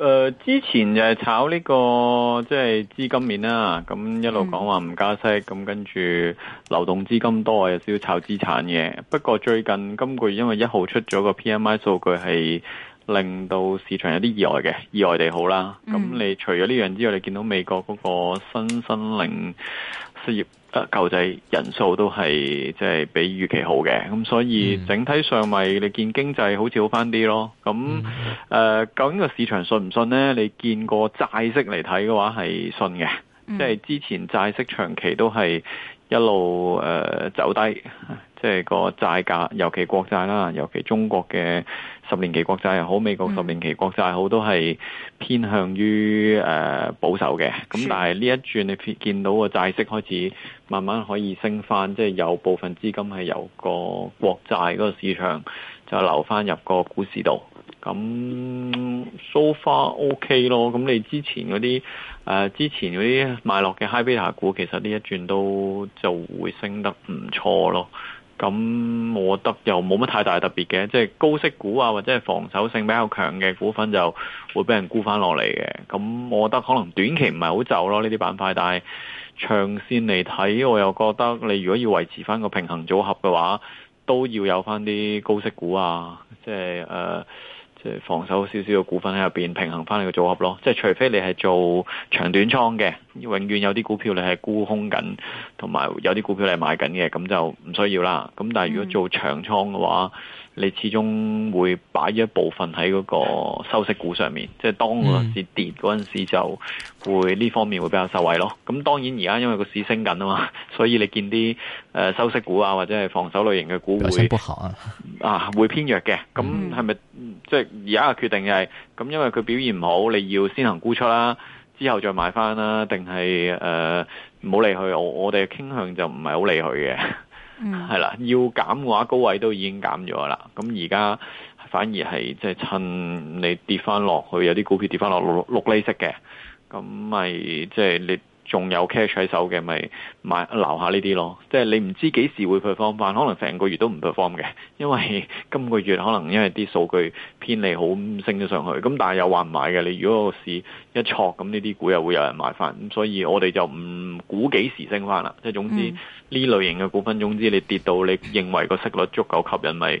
誒、呃、之前就係炒呢、這個即係、就是、資金面啦，咁一路講話唔加息，咁、嗯、跟住流動資金多有少少炒資產嘅。不過最近今個月因為一號出咗個 P M I 數據係令到市場有啲意外嘅，意外地好啦。咁、嗯、你除咗呢樣之外，你見到美國嗰個新生零失業。誒，救濟人數都係即係比預期好嘅，咁所以整體上咪、就是 mm. 你見經濟好似好翻啲咯。咁誒，mm. 呃、究竟個市場信唔信呢？你見過債息嚟睇嘅話係信嘅，即係之前債息長期都係一路誒、呃、走低。即係個債價，尤其國債啦，尤其中國嘅十年期國債又好，美國十年期國債好，都係偏向於誒保守嘅。咁但係呢一轉，你見到個債息開始慢慢可以升翻，即係有部分資金係由個國債嗰個市場就流翻入個股市度。咁 so far OK 咯。咁你之前嗰啲誒之前嗰啲賣落嘅 High Beta 股，其實呢一轉都就會升得唔錯咯。咁、嗯、我覺得又冇乜太大特別嘅，即係高息股啊，或者係防守性比較強嘅股份就會俾人沽翻落嚟嘅。咁、嗯、我覺得可能短期唔係好走咯呢啲板塊，但係長線嚟睇，我又覺得你如果要維持翻個平衡組合嘅話，都要有翻啲高息股啊，即係誒。呃即係防守少少嘅股份喺入邊，平衡翻你嘅組合咯。即係除非你係做長短倉嘅，永遠有啲股票你係沽空緊，同埋有啲股票你係買緊嘅，咁就唔需要啦。咁但係如果做長倉嘅話。嗯你始終會擺一部分喺嗰個收息股上面，即係當個市跌嗰陣時，就會呢方面會比較受惠咯。咁、嗯、當然而家因為個市升緊啊嘛，所以你見啲誒收息股啊或者係防守類型嘅股會，不啊會偏弱嘅。咁係咪即係而家嘅決定係、就、咁、是？因為佢表現唔好，你要先行沽出啦，之後再買翻啦，定係誒好理佢？我我哋傾向就唔係好理佢嘅。係啦，要減嘅話，高位都已經減咗啦。咁而家反而係即係趁你跌翻落去，有啲股票跌翻落六厘息嘅，咁咪即係你。仲有 cash 喺手嘅，咪買留下呢啲咯。即係你唔知幾時會 perform 翻，可能成個月都唔 perform 嘅。因為今個月可能因為啲數據偏離好升咗上去，咁但係又話唔買嘅。你如果個市一挫，咁呢啲股又會有人買翻。咁所以我哋就唔估幾時升翻啦。即係總之呢類型嘅股份，總之你跌到你認為個息率足夠吸引，咪。.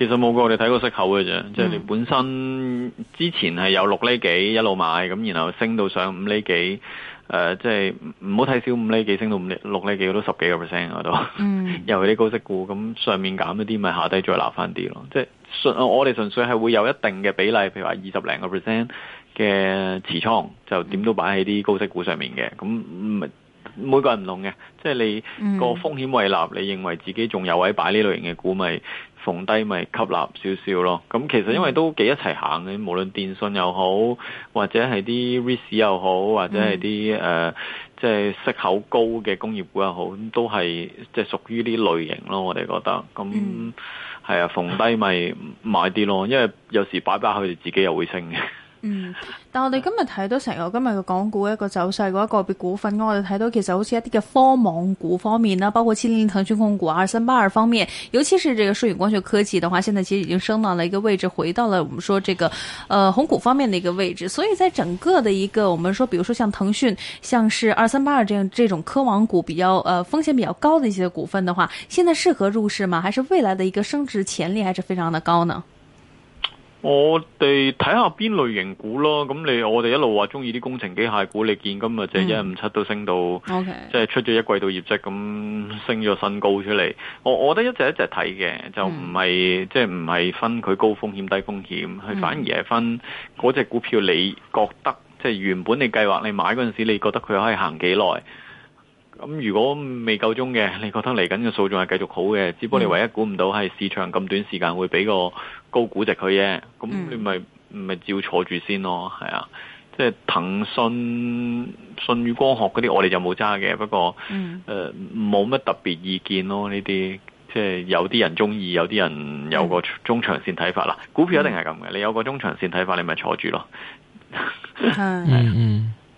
其實冇過我哋睇過息口嘅啫，即係你本身之前係有六厘幾一路買，咁、嗯、然後升到上五厘幾，誒、呃，即係唔好睇少五厘幾升到五厘六厘幾都十幾個 percent 嗰度。嗯，尤 啲高息股，咁上面減一啲，咪、就是、下低再拿翻啲咯。即係純我哋純粹係會有一定嘅比例，譬如話二十零個 percent 嘅持倉，就點都擺喺啲高息股上面嘅。咁唔係每個人唔同嘅，即、就、係、是、你個風險為立，你認為自己仲有位擺呢類型嘅股咪。逢低咪吸納少少咯，咁其實因為都幾一齊行嘅，無論電信又好，或者係啲 REITs 又好，或者係啲誒即係息口高嘅工業股又好，都係即係屬於呢類型咯。我哋覺得，咁係、嗯、啊，逢低咪買啲咯，因為有時擺擺佢哋自己又會升嘅。嗯，但我哋今日睇到成個今日嘅港股一個走勢，嗰一個個別股份，我哋睇到其實好似一啲嘅科網股方面啦，包括七零零騰訊控股二三八二方面，尤其是這個舜宇光學科技的話，現在其實已經升到了一個位置，回到了我們說這個，呃，紅股方面的一個位置。所以在整個的一個，我們說，比如說像騰訊，像是二三八二這樣這種科網股比較，呃，風險比較高的一些股份的話，現在適合入市嗎？還是未來的一個升值潛力還是非常的高呢？我哋睇下邊類型股咯，咁你我哋一路話中意啲工程機械股，你見今日即係一五七都升到，即係，mm. okay. 出咗一季度業績，咁升咗新高出嚟。我我覺得一直一直睇嘅，就唔係即係唔係分佢高風險低風險，係反而係分嗰隻股票你覺得，即係原本你計劃你買嗰陣時，你覺得佢可以行幾耐？咁如果未夠鐘嘅，你覺得嚟緊嘅數仲係繼續好嘅？只不過你唯一估唔到係市場咁短時間會俾個高估值佢啫。咁你咪咪照坐住先咯，係啊！即係騰訊、信宇光學嗰啲，我哋就冇揸嘅。不過，誒、嗯，冇、呃、乜特別意見咯。呢啲即係有啲人中意，有啲人有個中長線睇法啦、嗯。股票一定係咁嘅，你有個中長線睇法，你咪坐住咯。嗯。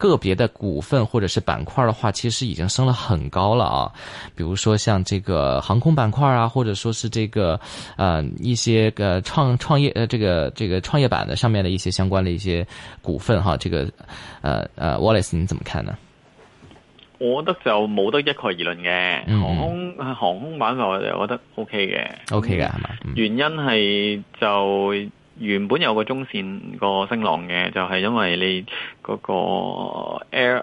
個別的股份或者是板塊的話，其實已經升了很高了啊，比如說像這個航空板塊啊，或者說是這個，呃，一些呃創創業呃這個這個創業板的上面的一些相關的一些股份哈、啊，這個呃呃 Wallace 你怎麼看呢？我覺得就冇得一概而論嘅，航空航空板塊我就覺得 OK 嘅、嗯、OK 嘅係嘛？原因係就。原本有個中線個升浪嘅，就係、是、因為你嗰個 Air，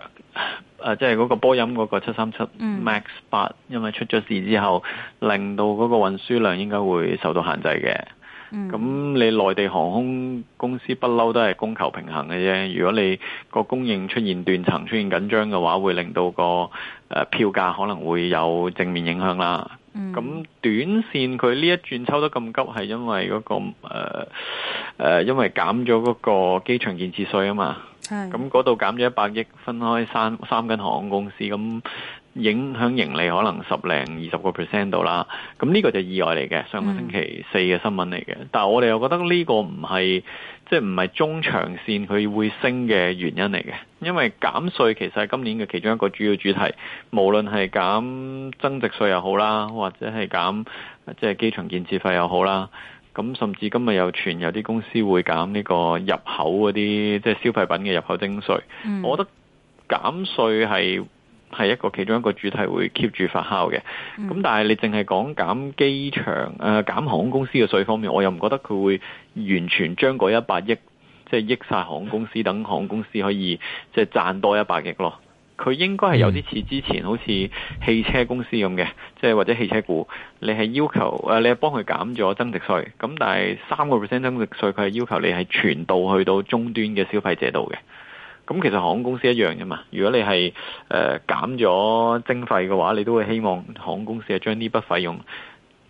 誒即係嗰個波音嗰個七三七 Max 八，因為出咗事之後，令到嗰個運輸量應該會受到限制嘅。咁、嗯、你內地航空公司不嬲都係供求平衡嘅啫。如果你個供應出現斷層、出現緊張嘅話，會令到個誒票價可能會有正面影響啦。咁、嗯、短線佢呢一轉抽得咁急，係因為嗰、嗰個誒、呃呃、因為減咗嗰個機場建設稅啊嘛。咁嗰度減咗一百億，分開三三間航空公司咁。影響盈利可能十零二十個 percent 度啦，咁呢個就意外嚟嘅。上個星期四嘅新聞嚟嘅，但係我哋又覺得呢個唔係即係唔係中長線佢會升嘅原因嚟嘅，因為減稅其實係今年嘅其中一個主要主題，無論係減增值稅又好啦，或者係減即係機場建設費又好啦，咁甚至今日又傳有啲公司會減呢個入口嗰啲即係消費品嘅入口徵稅。我覺得減稅係。係一個其中一個主題會 keep 住發酵嘅，咁、mm. 但係你淨係講減機場誒減航空公司嘅稅方面，我又唔覺得佢會完全將嗰一百億即係益晒航空公司等航空公司可以即係賺多一百億咯。佢應該係有啲似之前好似汽車公司咁嘅，即係或者汽車股，你係要求誒、呃、你係幫佢減咗增值稅，咁但係三個 percent 增值稅佢係要求你係傳導去到終端嘅消費者度嘅。咁其實航空公司一樣啫嘛。如果你係誒減咗徵費嘅話，你都會希望航空公司係將呢筆費用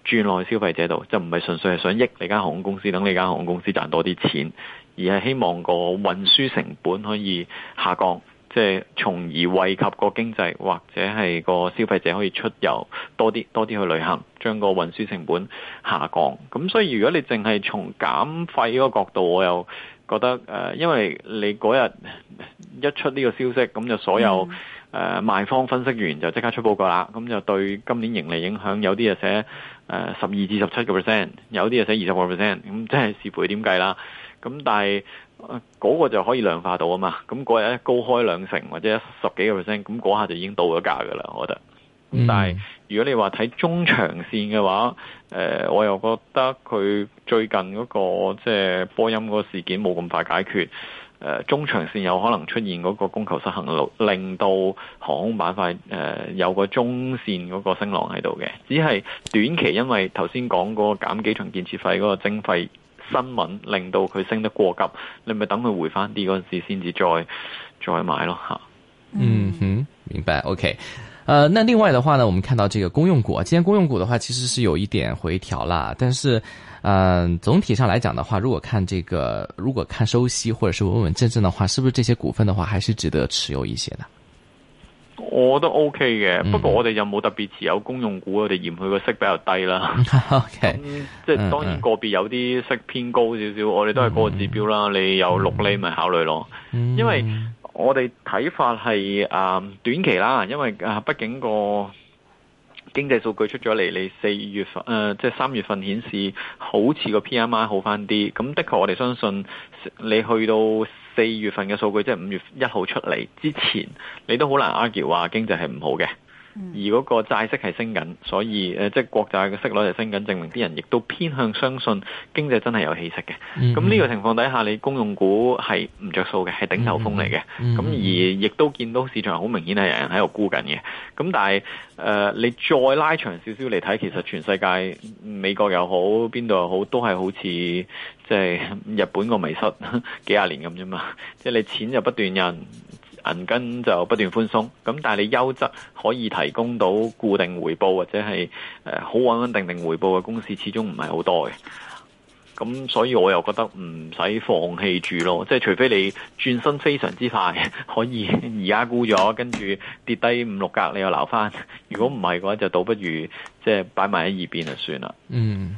轉落去消費者度，就唔係純粹係想益你間航空公司，等你間航空公司賺多啲錢，而係希望個運輸成本可以下降，即係從而惠及個經濟或者係個消費者可以出遊多啲，多啲去旅行，將個運輸成本下降。咁所以如果你淨係從減費嗰個角度，我又～覺得誒、呃，因為你嗰日一出呢個消息，咁就所有誒、嗯呃、賣方分析員就即刻出報告啦。咁就對今年盈利影響，有啲、呃、就寫誒十二至十七個 percent，有啲就寫二十個 percent。咁即係視乎點計啦。咁但係嗰、呃嗰個就可以量化到啊嘛。咁嗰日一高開兩成或者十幾個 percent，咁嗰下就已經到咗價㗎喇。我覺得，嗯、但係。如果你話睇中長線嘅話，誒、呃，我又覺得佢最近嗰、那個即係波音嗰個事件冇咁快解決，誒、呃，中長線有可能出現嗰個供求失衡，令到航空板塊誒、呃、有個中線嗰個升浪喺度嘅。只係短期因為頭先講嗰個減機場建設費嗰個徵費新聞，令到佢升得過急，你咪等佢回翻啲嗰陣時，先至再再買咯吓。嗯哼，明白。OK。呃，那另外的話呢，我們看到這個公用股，今天公用股的話其實是有一點回調啦，但是，嗯、呃，總體上來講的話，如果看這個，如果看收息或者是穩穩正正的話，是不是這些股份的話還是值得持有一些的？我覺得 OK 嘅、嗯，不過我哋又冇特別持有公用股，我哋嫌佢個息比較低啦、嗯。OK、嗯、即係、嗯、當然個別有啲息偏高少少、嗯，我哋都係個指標啦，嗯、你有六厘咪考慮咯、嗯，因為。我哋睇法係啊短期啦，因為啊畢竟個經濟數據出咗嚟，你四月份誒即係三月份顯示好似個 PMI 好翻啲，咁的確我哋相信你去到四月份嘅數據，即係五月一號出嚟之前，你都好難 argue 話經濟係唔好嘅。而嗰個債息係升緊，所以、呃、即係國債嘅息率係升緊，證明啲人亦都偏向相信經濟真係有氣息嘅。咁、mm-hmm. 呢個情況底下，你公用股係唔着數嘅，係頂頭風嚟嘅。咁、mm-hmm. 而亦都見到市場好明顯係有人喺度沽緊嘅。咁但係誒、呃，你再拉長少少嚟睇，其實全世界美國又好，邊度又好，都係好似即係日本個迷失幾廿年咁啫嘛。即係你錢就不斷印。銀根就不斷寬鬆，咁但係你優質可以提供到固定回報或者係誒好穩穩定定回報嘅公司始終，始終唔係好多嘅，咁所以我又覺得唔使放棄住咯，即係除非你轉身非常之快，可以而家沽咗，跟住跌低五六格，你又撈翻。如果唔係嘅話，就倒不如即係擺埋喺二邊就算啦。嗯。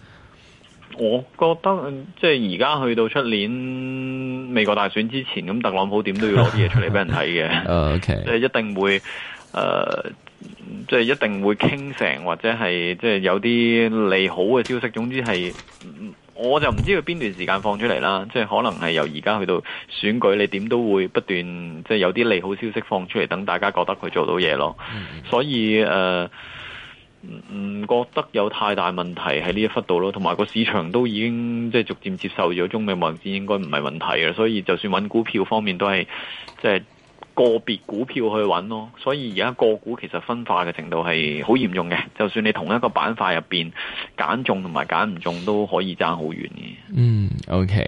我覺得即係而家去到出年美國大選之前，咁特朗普點都要攞啲嘢出嚟俾人睇嘅。即 係、oh, okay. 一定會誒，即、呃、係、即係、一定會傾成或者係即係有啲利好嘅消息。總之係，我就唔知佢邊段時間放出嚟啦。即、就、係、是、可能係由而家去到選舉，你點都會不斷即係有啲利好消息放出嚟，等大家覺得佢做到嘢咯。Mm-hmm. 所以誒。呃唔唔覺得有太大問題喺呢一忽度咯，同埋個市場都已經即係逐漸接受咗中美貿易戰應該唔係問題嘅，所以就算揾股票方面都係即係個別股票去揾咯。所以而家個股其實分化嘅程度係好嚴重嘅，就算你同一個板塊入邊揀中同埋揀唔中都可以差好遠嘅。嗯，OK。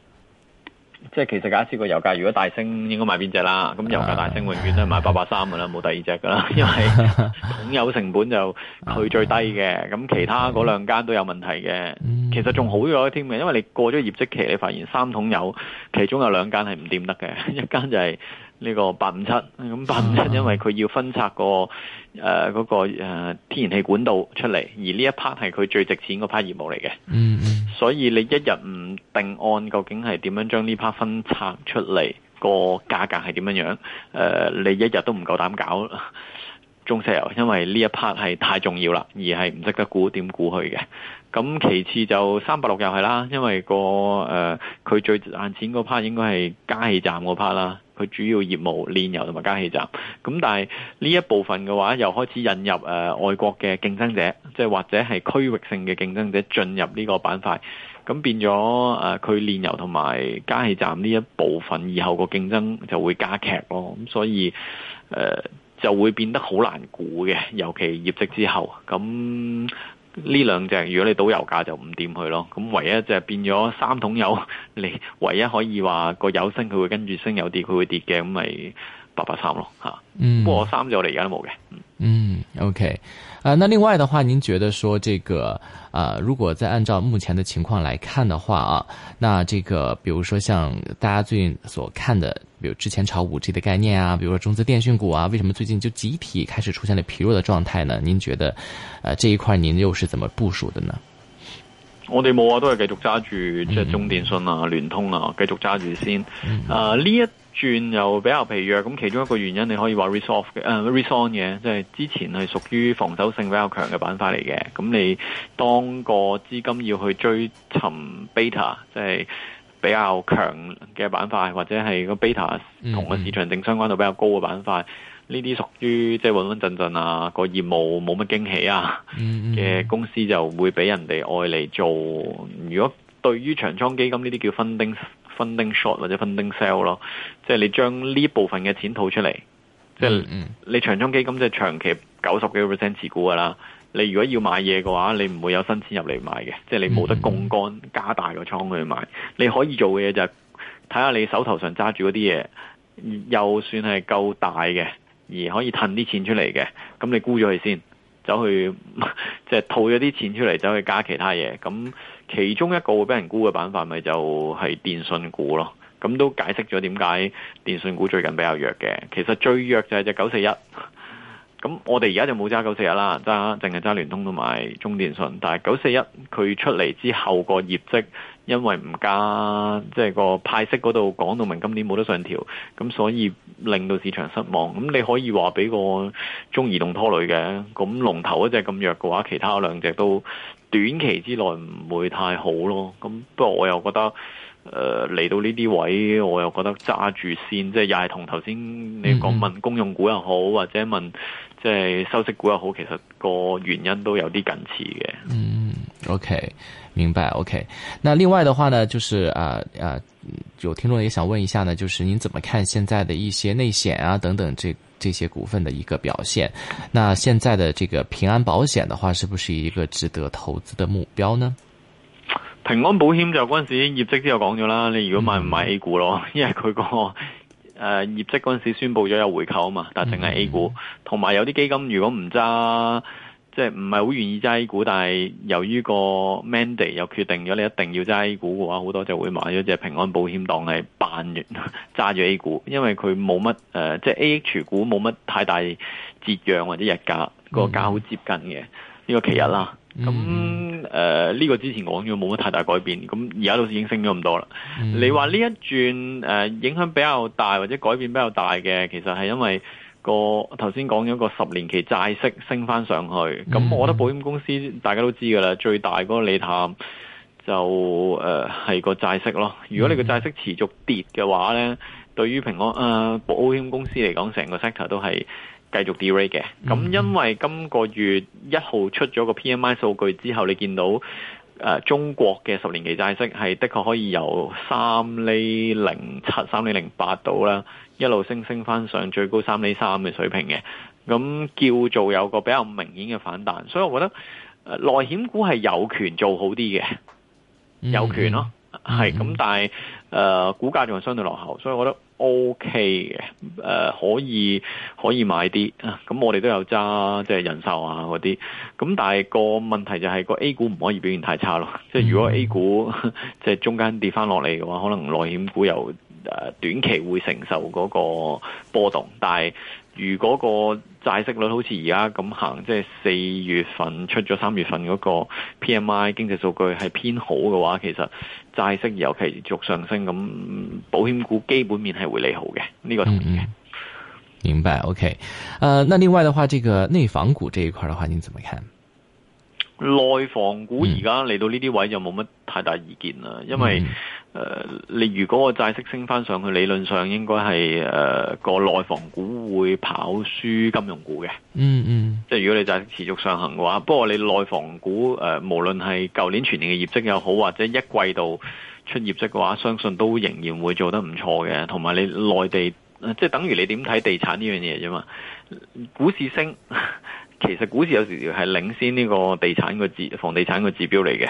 即係其實假設個油價如果大升，應該買邊隻啦？咁油價大升，永遠都係買八百三嘅啦，冇第二隻嘅啦，因為桶油成本就佢最低嘅，咁其他嗰兩間都有問題嘅。其實仲好咗添嘅，因為你過咗業績期，你發現三桶油其中有兩間係唔掂得嘅，一間就係。呢、這個八五七，咁八五七，因為佢要分拆個誒嗰、呃那個天然氣管道出嚟，而呢一 part 係佢最值錢嗰 part 業務嚟嘅。嗯所以你一日唔定案，究竟係點樣將呢 part 分拆出嚟，那個價格係點樣樣？誒、呃，你一日都唔夠膽搞中石油，因為呢一 part 係太重要啦，而係唔識得估點估去嘅。咁其次就三百六又係啦，因為個誒佢、呃、最賺錢嗰 part 應該係加氣站嗰 part 啦。佢主要業務煉油同埋加氣站，咁但係呢一部分嘅話，又開始引入誒外國嘅競爭者，即係或者係區域性嘅競爭者進入呢個板塊，咁變咗誒佢煉油同埋加氣站呢一部分，以後個競爭就會加劇咯，咁所以誒就會變得好難估嘅，尤其業績之後咁。呢兩隻，如果你倒油價就，就唔掂佢咯，咁唯一就變咗三桶油，你唯一可以話個油升佢會跟住升，油跌佢會跌嘅，咁咪。八八三咯吓，嗯，不過三就我哋而家都冇嘅，嗯，OK，啊、呃，那另外的話，您覺得說這個，啊、呃，如果再按照目前的情況來看的話啊，那這個，比如說像大家最近所看的，比如之前炒五 G 的概念啊，比如說中資電訊股啊，為什麼最近就集體開始出現了疲弱的狀態呢？您覺得，呃這一塊您又是怎麼部署的呢？我哋冇啊，都係繼續揸住即係中電信啊、聯通啊，繼續揸住先，啊、嗯、呢、呃嗯、一。轉又比較疲弱，咁其中一個原因你可以話 risk-off 嘅，誒 risk-on 嘅，即係、就是、之前係屬於防守性比較強嘅板塊嚟嘅。咁你當個資金要去追尋 beta，即係比較強嘅板塊，或者係個 beta 同個市場正相關度比較高嘅板塊，呢、mm-hmm. 啲屬於即係、就是、穩穩陣陣啊，個業務冇乜驚喜啊嘅、mm-hmm. 公司就會俾人哋愛嚟做。如果對於長倉基金呢啲叫 funding 分定 short 或者分定 sell 咯，即係你將呢部分嘅錢套出嚟，即、嗯、係、就是、你長倉基金即係長期九十幾個 percent 持股噶啦。你如果要買嘢嘅話，你唔會有新錢入嚟買嘅，即係你冇得槓桿加大個倉去買。你可以做嘅嘢就係睇下你手頭上揸住嗰啲嘢，又算係夠大嘅，而可以褪啲錢出嚟嘅，咁你沽咗佢先。走去即係套咗啲錢出嚟，走去加其他嘢。咁其中一個會俾人沽嘅板塊，咪就係電信股咯。咁都解釋咗點解電信股最近比較弱嘅。其實最弱就係隻九四一。咁我哋而家就冇揸九四一啦，揸淨係揸聯通同埋中電信。但係九四一佢出嚟之後個業績。因為唔加，即係個派息嗰度講到明今年冇得上調，咁所以令到市場失望。咁你可以話俾個中移動拖累嘅，咁龍頭一隻咁弱嘅話，其他兩隻都短期之內唔會太好咯。咁不過我又覺得，誒、呃、嚟到呢啲位，我又覺得揸住先，即係又係同頭先你講問公用股又好，或者問。.即、就、係、是、收息股又好，其實個原因都有啲近似嘅。嗯，OK，明白。OK，那另外的話呢，就是啊啊，有聽眾也想問一下呢，就是你怎麼看現在的一些內險啊等等這這些股份的一個表現？那現在的這個平安保險的話，是不是一個值得投資的目標呢？平安保險就嗰陣時業績都有講咗啦，你如果買唔買 A 股咯、嗯？因為佢、那個。誒、uh, 業績嗰陣時宣佈咗有回購啊嘛，但係淨係 A 股，同、嗯、埋有啲基金如果唔揸，即係唔係好願意揸 A 股，但係由於個 mandate 又決定咗你一定要揸 A 股嘅話，好多就會買咗隻平安保險當係扮完揸住 A 股，因為佢冇乜誒，即、呃、係、就是、AH 股冇乜太大折讓或者日價、那個價好接近嘅呢、這個期日啦。咁誒呢個之前講咗冇乜太大改變，咁而家都已經升咗咁多啦、嗯。你話呢一轉、呃、影響比較大或者改變比較大嘅，其實係因為個頭先講咗個十年期債息升翻上去。咁、嗯嗯、我覺得保險公司大家都知㗎啦，最大嗰個利淡就誒、係、係、呃、個債息咯。如果你個債息持續跌嘅話呢、嗯，對於平安誒、呃、保險公司嚟講，成個 sector 都係。繼續 delay 嘅，咁因為今個月一號出咗個 PMI 數據之後，你見到、呃、中國嘅十年期債息係的確可以由三厘零七、三厘零八度啦，一路升升翻上最高三厘三嘅水平嘅，咁叫做有個比較明顯嘅反彈，所以我覺得內險、呃、股係有權做好啲嘅、嗯，有權咯、啊，係咁、嗯，但係估、呃、股價仲係相對落後，所以我覺得。O K 嘅，誒可以可以買啲，咁、啊、我哋都有揸，即係人壽啊嗰啲，咁但係個問題就係、是、個 A 股唔可以表現太差咯、嗯，即係如果 A 股即係中間跌翻落嚟嘅話，可能內險股又誒短期會承受嗰個波動，但係。如果個債息率好似而家咁行，即係四月份出咗三月份嗰個 PMI 經濟數據係偏好嘅話，其實債息尤其續上升，咁保險股基本面係會利好嘅，呢、這個同意嘅，嗯。明白，OK。誒、呃，那另外的話，這個內房股這一塊的話，您怎麼看？內房股而家嚟到呢啲位就冇乜太大意見啦，因為誒、呃、你如果個債息升翻上去，理論上應該係誒個內房股會跑輸金融股嘅。嗯嗯，即係如果你債息持續上行嘅話，不過你內房股誒、呃、無論係舊年全年嘅業績又好，或者一季度出業績嘅話，相信都仍然會做得唔錯嘅。同埋你內地即係等於你點睇地產呢樣嘢啫嘛，股市升。 其實股市有時係領先呢個地產個指，房地產個指標嚟嘅，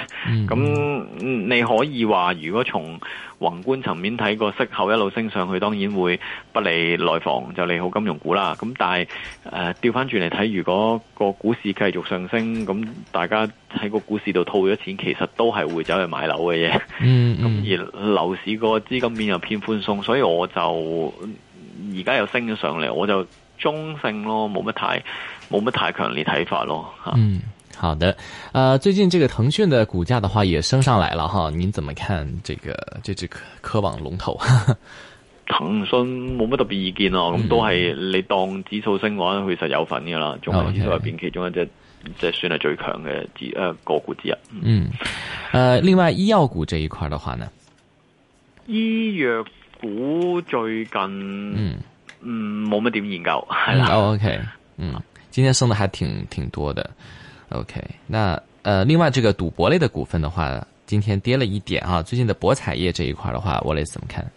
咁、嗯、你可以話，如果從宏觀層面睇個息口一路升上去，當然會不利內房，就利好金融股啦。咁但係誒調翻轉嚟睇，如果個股市繼續上升，咁大家喺個股市度套咗錢，其實都係會走去買樓嘅嘢。咁、嗯嗯、而樓市個資金面又偏寬鬆，所以我就而家又升咗上嚟，我就中性咯，冇乜太。冇乜太強烈睇法咯，吓。嗯，好的、呃。最近這個騰訊的股價的話也升上來了哈，您怎麼看這個這隻科科網龍頭？ 騰訊冇乜特別意見咯，咁、嗯、都係你當指數升嘅話，佢實有份噶啦，仲係指數入邊其中一隻，哦 okay、即係算係最強嘅指誒個股之一。嗯。誒、呃，另外醫藥股這一塊嘅話呢？醫藥股最近，嗯，冇乜點研究係啦。O K，嗯。今天升的還挺挺多的，OK 那。那呃，另外這個賭博類的股份的話，今天跌了一點啊。最近的博彩業這一塊的話，我似怎麼看？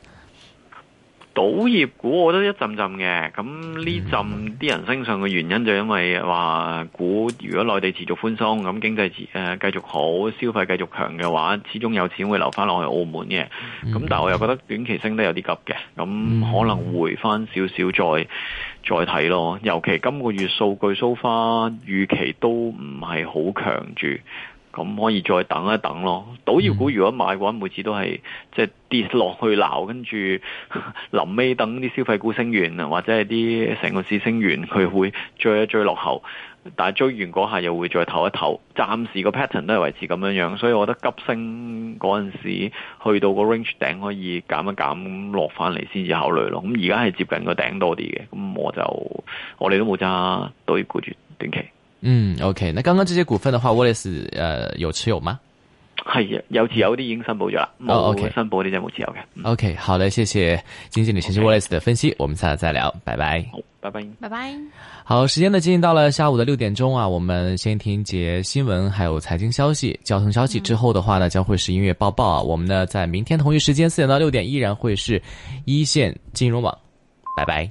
賭業股我覺得一陣陣嘅，咁呢陣啲人升上嘅原因就因為話股如果內地持續寬鬆，咁經濟持誒繼續好，消費繼續強嘅話，始終有錢會留翻落去澳門嘅。咁但係我又覺得短期升得有啲急嘅，咁可能回翻少少再再睇咯。尤其今個月數據 s、so、h 預預 so far 預期都唔係好強住。咁可以再等一等咯。賭業股如果買嘅話，每次都係即係跌落去鬧，跟住臨尾等啲消費股升完啊，或者係啲成個市升完，佢會追一追落後。但係追完嗰下又會再投一投。暫時個 pattern 都係維持咁樣樣，所以我覺得急升嗰陣時去到個 range 頂可以減一減，落翻嚟先至考慮咯。咁而家係接近個頂多啲嘅，咁我就我哋都冇揸賭業股住短期。嗯，OK。那剛剛這些股份的話，Wallace 呃有持有嗎？係啊，有持有啲已經申報咗、哦、OK。申報的就冇持有嘅、嗯。OK，好嘞，謝謝金經理先生 Wallace 的分析，okay. 我們下次再聊，拜拜。好，拜拜，拜拜。好，時間呢進行到了下午的六點鐘啊，我們先聽節新聞，還有財經消息、交通消息之後的話呢，將會是音樂報報啊。嗯、我們呢在明天同一時，時間四點到六點依然會是一綫金融網，拜拜。